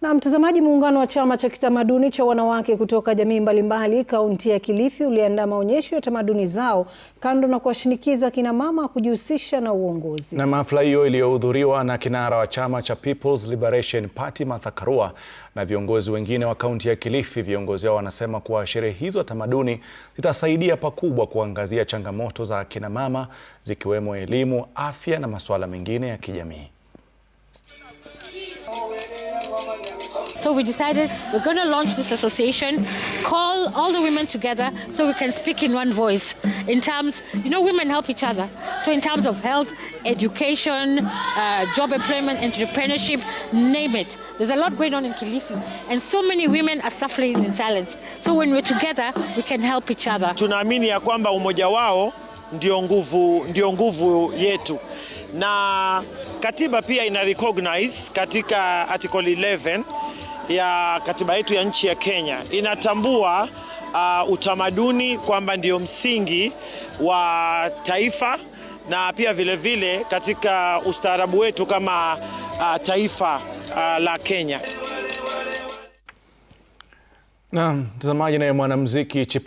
Na mtazamaji, muungano wa chama cha kitamaduni cha wanawake kutoka jamii mbalimbali kaunti ya Kilifi uliandaa maonyesho ya tamaduni zao kando na kuwashinikiza kina mama kujihusisha na uongozi. Na hafla hiyo iliyohudhuriwa na kinara wa chama cha People's Liberation Party Martha Karua na viongozi wengine wa kaunti ya Kilifi. Viongozi hao wanasema kuwa sherehe hizo za tamaduni zitasaidia pakubwa kuangazia changamoto za kina mama zikiwemo elimu, afya na masuala mengine ya kijamii. So we decided we're going to launch this association, call all the women together so we can speak in one voice. In terms, you know, women help each other. So in terms of health, education, uh, job employment, entrepreneurship, name it. There's a lot going on in Kilifi, and so many women are suffering in silence. So when we're together, we can help each other. Tunaamini ya kwamba umoja wao ndio nguvu, ndio nguvu yetu na katiba pia ina recognize katika article 11 ya katiba yetu ya nchi ya Kenya inatambua uh, utamaduni kwamba ndio msingi wa taifa na pia vilevile vile katika ustaarabu wetu kama uh, taifa uh, la Kenya. Naam, mtazamaji naye mwanamuziki